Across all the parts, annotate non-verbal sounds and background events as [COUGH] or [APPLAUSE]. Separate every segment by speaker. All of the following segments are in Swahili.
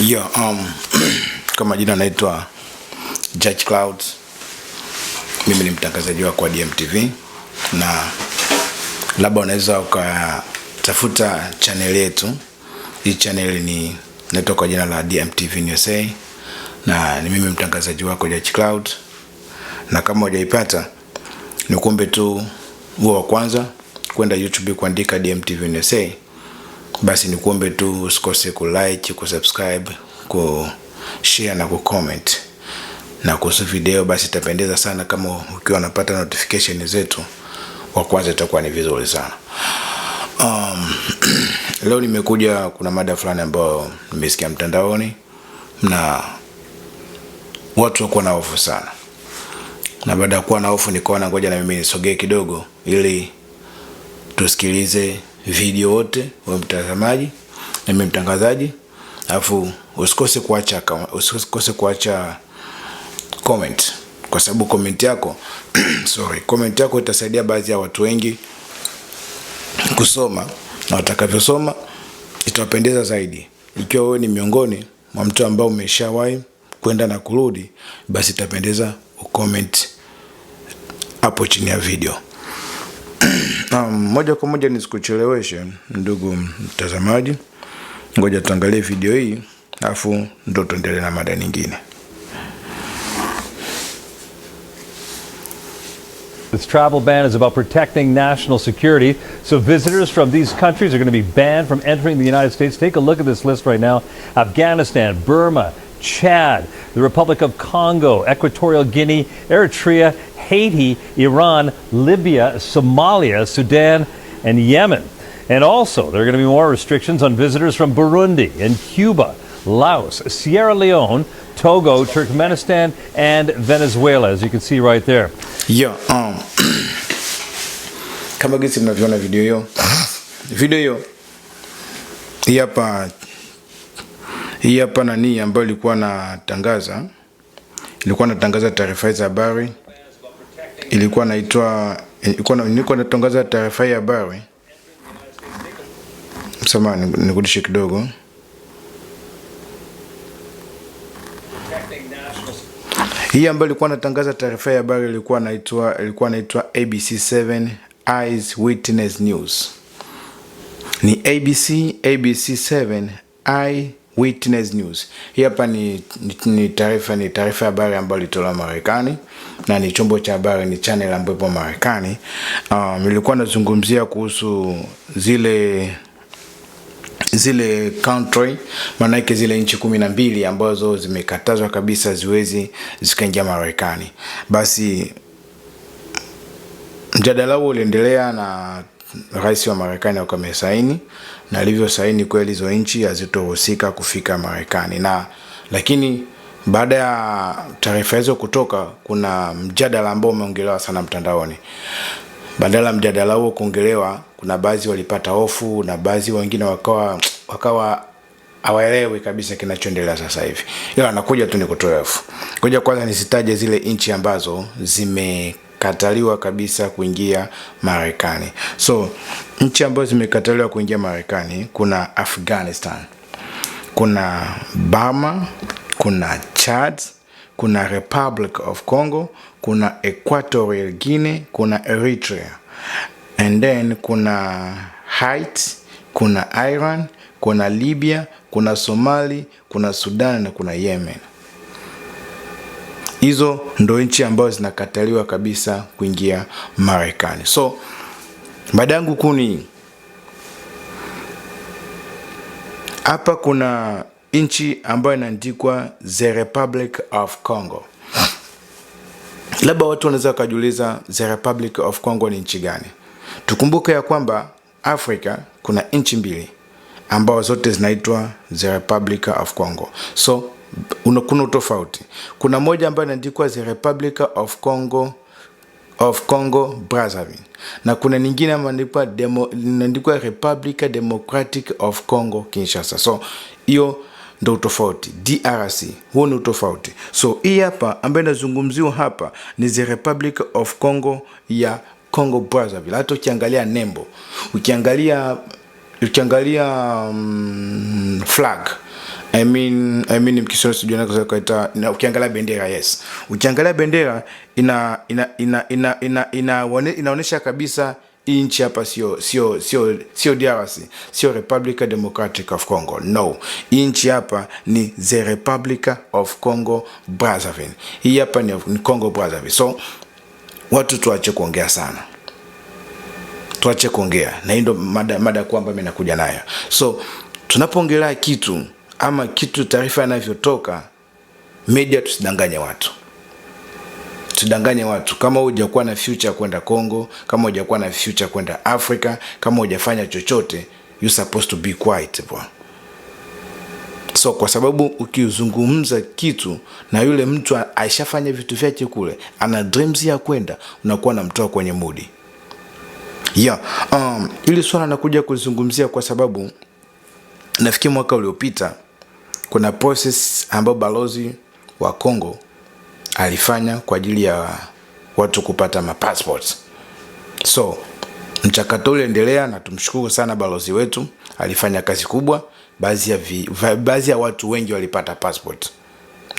Speaker 1: yo um, [CLEARS THROAT] kwa majina naitwa Judge Cloud. Mimi ni mtangazaji wako wa DMTV na labda unaweza ukatafuta chaneli yetu. Hii chaneli ni naitwa kwa jina la DMTV USA na ni mimi mtangazaji wako Judge Cloud, na kama hujaipata ni kumbe tu huo wa kwanza kwenda YouTube kuandika DMTV USA basi ni kuombe tu usikose subscribe, ku share na comment. Na kuhusu video, basi itapendeza sana kama ukiwa unapata notification zetu, wa kwanza itakuwa ni vizuri sana. Um, [CLEARS THROAT] leo nimekuja, kuna mada fulani ambayo nimesikia mtandaoni na watu wako na hofu sana, na baada ya kuwa na hofu nikaona ngoja na mimi nisogee kidogo, ili tusikilize video wote, wa mtazamaji na mimi mtangazaji, alafu usikose kuacha usikose kuacha comment, kwa sababu comment yako [CLEARS THROAT] sorry, comment yako itasaidia baadhi ya watu wengi kusoma na watakavyosoma itawapendeza zaidi. Ikiwa wewe ni miongoni mwa mtu ambao umeshawahi kwenda na kurudi, basi itapendeza ucomment hapo chini ya video. moja kwa moja nisikucheleweshe, ndugu mtazamaji, ngoja tuangalie video hii ndo tuendelee na mada nyingine.
Speaker 2: This travel ban is about protecting national security. So visitors from these countries are going to be banned from entering the United States. Take a look at this list right now. Afghanistan, Burma, Chad, the Republic of Congo, Equatorial Guinea, Eritrea, Haiti, Iran, Libya, Somalia, Sudan, and Yemen. And also, there are going to be more restrictions on visitors from Burundi and Cuba, Laos, Sierra Leone, Togo, Turkmenistan, and Venezuela, as you can see right there.
Speaker 1: Yeah, um, [CLEARS THROAT] kama gisi mnavyoona video hiyo [CLEARS THROAT] video hiyo hii hapa hii hapa nani ambayo ilikuwa natangaza ilikuwa natangaza taarifa za habari ilikuwa naitwa ilikuwa na, niko natangaza taarifa ya habari. Samahani, nikudishe kidogo. Hii ambayo ilikuwa natangaza taarifa ya habari ilikuwa naitwa ilikuwa naitwa ABC7 Eyes Witness News. Ni ABC ABC7 Eye Witness News. Hii hapa ni ni taarifa ni taarifa ya habari ambayo ilitolewa Marekani na ni chombo cha habari, ni channel ambapo Marekani Marekani. Ah, um, nazungumzia kuhusu zile zile country maanake zile nchi kumi na mbili ambazo zimekatazwa kabisa ziwezi zikaingia Marekani. Basi mjadala huo uliendelea na rais wa Marekani akawa saini na saini kweli hizo nchi hazitohusika kufika Marekani na lakini baada ya taarifa hizo kutoka, kuna mjadala ambao umeongelewa sana mtandaoni. Badala mjadala huo kuongelewa, kuna baadhi walipata hofu na baadhi wengine wakawa wakawa hawaelewi kabisa kinachoendelea sasa hivi, ila anakuja tu ni kutoa hofu. Ngoja kwanza nisitaje zile nchi ambazo zimekataliwa kabisa kuingia Marekani. So nchi ambazo zimekataliwa kuingia Marekani kuna Afghanistan, kuna Burma kuna Chad, kuna Republic of Congo, kuna Equatorial Guinea, kuna Eritrea and then kuna Haiti, kuna Iran, kuna Libya, kuna Somali, kuna Sudan na kuna Yemen. Hizo ndo nchi ambazo zinakataliwa kabisa kuingia Marekani. So mada yangu kuu ni hapa, kuna nchi ambayo inaandikwa The Republic of Congo. Labda watu wanaweza wakajiuliza The Republic of Congo ni nchi gani? Tukumbuke ya kwamba Afrika kuna nchi mbili ambao zote zinaitwa The Republic of Congo. So kuna utofauti. Kuna moja ambayo inaandikwa The Republic of Congo of Congo Brazzaville na kuna nyingine inaandikwa republic Democratic of Congo Kinshasa. So hiyo ndo utofauti DRC, huo ni utofauti. So hii hapa ambayo inazungumziwa hapa ni the Republic of Congo ya Congo Brazzaville. Hata ukiangalia nembo, ukiangalia ukiangalia um, flag I mean, I mean, na ukiangalia bendera yes, ukiangalia bendera ina ina ina ina, ina, ina, ina kabisa hii nchi hapa sio sio sio sio DRC, sio Republica Democratic of Congo. No, hii nchi hapa ni the Republica of Congo Brazzaville. Hii hapa ni, ni Congo Brazzaville. So watu tuache kuongea sana, tuache kuongea, na hii ndo mada mada kwamba mimi nakuja nayo. So tunapoongelea kitu ama kitu taarifa inavyotoka media, tusidanganye watu tudanganye watu, kama hujakuwa na future kwenda Congo, kama hujakuwa na future kwenda Africa, kama hujafanya chochote, you supposed to be quiet bwana. So kwa sababu ukizungumza kitu na yule mtu aishafanya vitu vyake kule, ana dreams ya kwenda, unakuwa namtoa kwenye mudi yeah. Um, ili swala nakuja kulizungumzia kwa sababu nafikiri mwaka uliopita kuna process ambayo balozi wa Congo alifanya kwa ajili ya watu kupata mapassport. So mchakato uliendelea na tumshukuru sana balozi wetu, alifanya kazi kubwa. Baadhi ya, vi, baadhi ya watu wengi walipata passport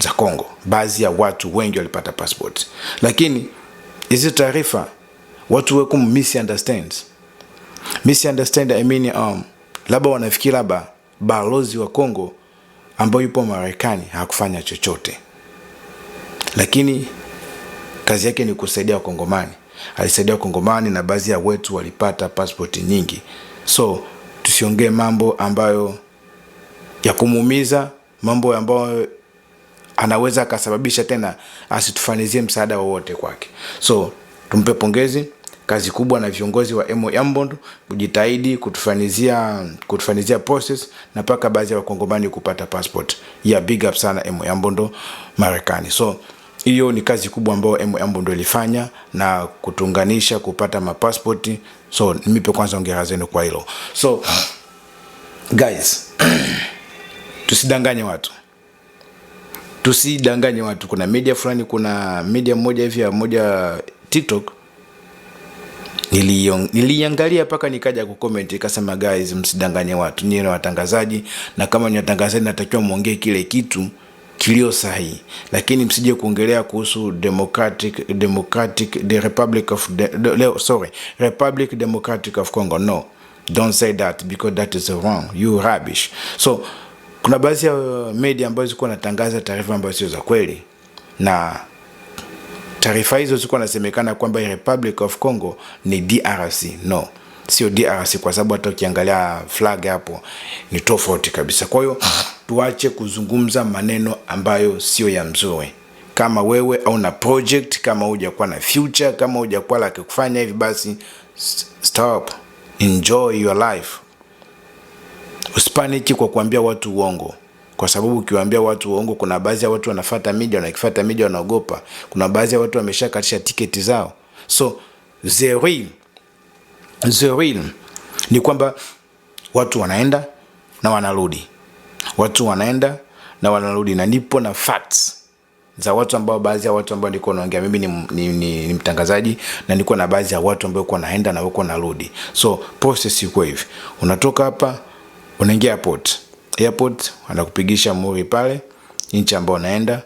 Speaker 1: za Kongo, baadhi ya watu wengi walipata passport, lakini hizi taarifa watu weku misunderstand misunderstand, I mean, um, labda wanafikiri labda balozi wa Kongo ambayo yupo Marekani hakufanya chochote lakini kazi yake ni kusaidia Wakongomani. Alisaidia Wakongomani na baadhi ya wetu walipata pasipoti nyingi, so tusiongee mambo ambayo ya kumuumiza, mambo ambayo anaweza akasababisha tena asitufanizie msaada wowote kwake. So tumpe pongezi, kazi kubwa na viongozi wa Emo Yambond kujitahidi kutufanizia, kutufanizia process na mpaka baadhi ya wakongomani kupata passport ya yeah, big up sana Emo Yambondo Marekani. So hiyo ni kazi kubwa ambayo MM ndio ilifanya na kutunganisha kupata mapasipoti, so nipe kwanza ongera zenu kwa hilo. So guys [CLEARS THROAT] tusidanganye watu tusidanganye watu. Kuna media fulani, kuna media moja hivi ya moja TikTok niliangalia mpaka nikaja kucomment, ikasema guys, msidanganye watu, nyie ni watangazaji, na kama ni watangazaji natakiwa mwongee kile kitu kilio sahihi, lakini msije kuongelea kuhusu Democratic, Democratic, the Republic of de, de, sorry, Republic Democratic of Congo. No, don't say that because that is wrong, you rubbish. So kuna baadhi ya uh, media ambazo zilikuwa natangaza taarifa ambazo sio za kweli na taarifa hizo zilikuwa nasemekana kwamba Republic of Congo ni DRC. No, sio DRC, kwa sababu hata ukiangalia flag hapo ni tofauti kabisa. Kwa hiyo tuache kuzungumza maneno ambayo sio ya mzuri. Kama wewe au na project, kama hujakuwa na future, kama hujakuwa la kufanya hivi, basi stop, enjoy your life. Usipaniki kwa kuambia watu uongo, kwa sababu ukiwaambia watu uongo, kuna baadhi ya watu wanafuata media, wanakifuata media wanaogopa. Kuna baadhi ya watu wameshakatisha tiketi zao, so the real, the real ni kwamba watu wanaenda na wanarudi watu wanaenda na wanarudi na nipo na facts za watu ambao baadhi ya watu ambao nilikuwa naongea mimi ni, ni, ni, ni mtangazaji na nilikuwa na baadhi ya watu ambao uko naenda na uko narudi so process iko hivi unatoka hapa unaingia airport airport anakupigisha muri pale nchi ambao unaenda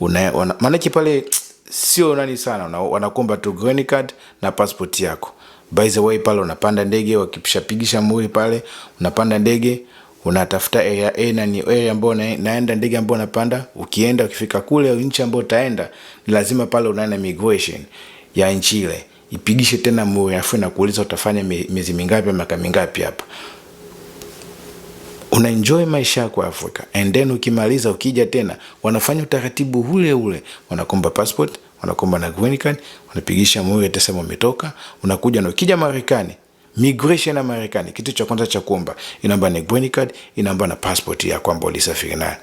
Speaker 1: una, una, maanake pale sio nani sana wanakuomba tu green card na passport yako by the way pale unapanda ndege wakishapigisha muri pale unapanda ndege unatafuta area A na ni area ambayo naenda ndege ambayo napanda. Ukienda ukifika kule nchi ambayo utaenda, ni lazima pale unaenda migration ya nchi ile, ipigishe tena moyo, afu na kuuliza utafanya miezi mingapi, au miaka mingapi hapa. Una enjoy maisha yako Afrika, and then ukimaliza, ukija tena wanafanya utaratibu ule ule, wanakomba passport, wanakomba na green card, wanapigisha moyo, utasema umetoka, unakuja na ukija Marekani Migration ya Marekani, kitu cha kwanza cha kuomba inaomba ni green card, inaomba na passport ya kwamba ulisafiri nayo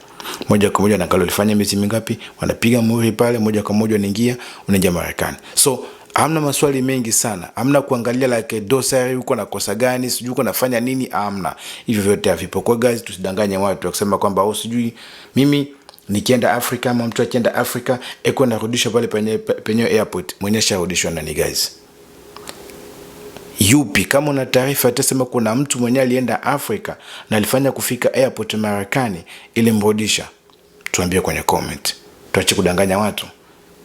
Speaker 1: moja kwa moja. Nakala ulifanya miezi mingapi, wanapiga muhuri pale, moja kwa moja unaingia, unaingia Marekani. So hamna maswali mengi sana, hamna kuangalia like dosari huko na kosa gani, sijui uko nafanya nini, hamna hivyo vyote havipo. Kwa guys, tusidanganye watu wakisema kwamba au oh, sijui mimi nikienda Afrika ama mtu akienda Afrika eko narudishwa pale penye penye airport, mwenye sharudishwa nani guys? yupi. Kama una taarifa, atasema kuna mtu mwenye alienda Afrika na alifanya kufika airport Marekani ili mrudisha, tuambie kwenye comment. Tuache kudanganya watu,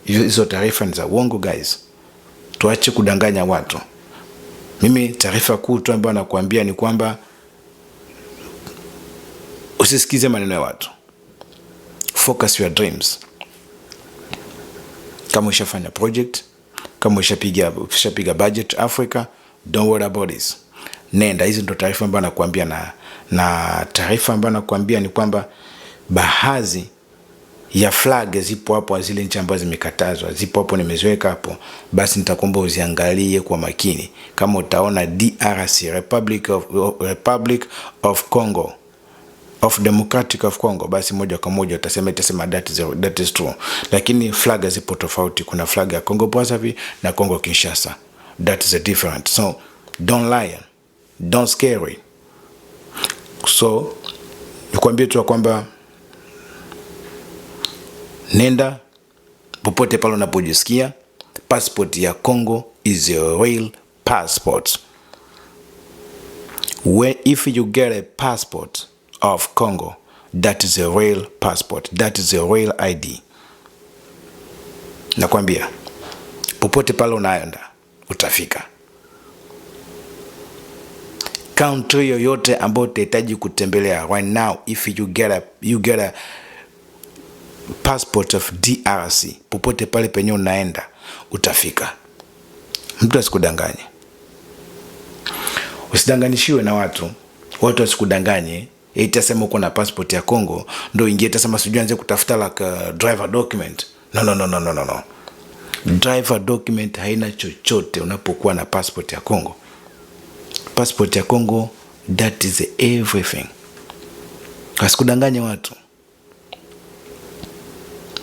Speaker 1: hizo taarifa ni za uongo guys. Tuache kudanganya watu. Mimi taarifa kuu tu ambayo nakuambia ni kwamba usisikize maneno ya watu, focus your dreams. Kama ushafanya project, kama ushapiga ushapiga budget Africa don't worry about this. Nenda. Hizi ndo taarifa ambayo nakuambia, na, na taarifa ambayo nakuambia ni kwamba baadhi ya flag zipo hapo, zile nchi ambazo zimekatazwa zipo hapo, nimeziweka hapo. Basi nitakuomba uziangalie kwa makini, kama utaona DRC, Republic of, Republic of Congo of Democratic of Congo, basi moja kwa moja utasema itasema that is, that is true, lakini flaga zipo tofauti. Kuna flaga ya Congo Brazzaville na Congo Kinshasa that is different. So don't lie, don't scary. So nikwambie tu kwamba nenda popote pale unapojisikia. Passport ya Congo is a real passport. When, if you get a passport of Congo, that is a real passport, that is a real ID. Nakwambia popote pale unaenda utafika. Country yoyote ambayo utahitaji kutembelea right now, if you get a, you get a passport of DRC, popote pale penye unaenda utafika. Mtu asikudanganye, usidanganishiwe na watu, watu wasikudanganye eti asema uko na passport ya Congo ndo ingie tasema sijuanze kutafuta like, uh, driver document. No, no, no, no, no, no driver document haina chochote unapokuwa na passport ya Congo. Passport ya Congo, that is everything. Wasikudanganye watu.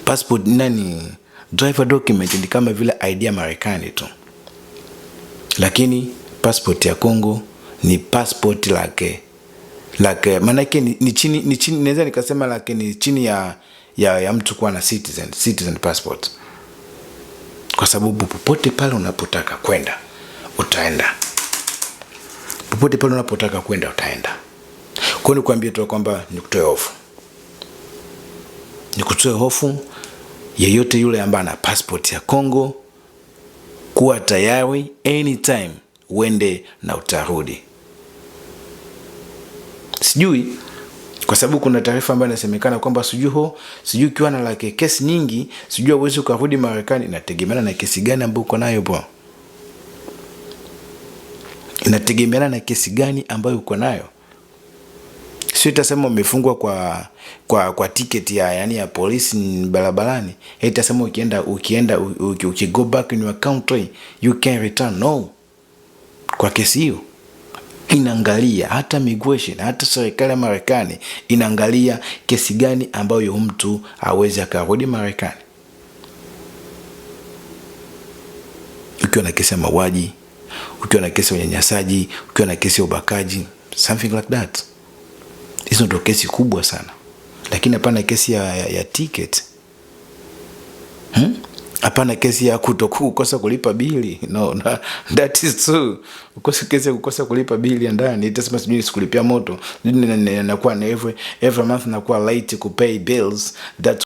Speaker 1: Passport nani, driver document ni kama vile ID ya Marekani tu, lakini passport ya Congo ni passport lake lake, maanake ni chini, ni chini, naweza nikasema lake ni chini ya, ya, ya mtu kuwa na citizen, citizen passport kwa sababu popote pale unapotaka kwenda utaenda, popote pale unapotaka kwenda utaenda. Kwa hiyo nikuambie tu kwamba nikutoe hofu, nikutoe hofu. Yeyote yule ambaye ana passport ya Kongo, kuwa tayari anytime uende na utarudi. Sijui kwa sababu kuna taarifa ambayo inasemekana kwamba sujuho sijui ukiwa na lake kesi nyingi sijui awezi ukarudi Marekani. Inategemeana na kesi gani ambayo uko nayo bro, inategemeana na kesi gani ambayo uko nayo. Sio itasema umefungwa kwa kwa kwa tiketi ya yani ya polisi barabarani, itasema ukienda ukienda uki, uki go back in your country you can return. No, kwa kesi hiyo inaangalia hata migration, hata serikali ya Marekani inaangalia kesi gani ambayo mtu awezi akarudi Marekani. Ukiwa na kesi ya mauaji, ukiwa na kesi ya unyanyasaji, ukiwa na kesi ya ubakaji, something like that, hizo ndo kesi kubwa sana, lakini hapana kesi ya, ya, ya ticket hmm? hapana kesi ya kutoku kukosa kulipa bili no, no, that is true. Ukosa kesi ya kukosa kulipa bili ya ndani, itasema sijui sikulipia moto, nakuwa na every month nakuwa late kupay bills that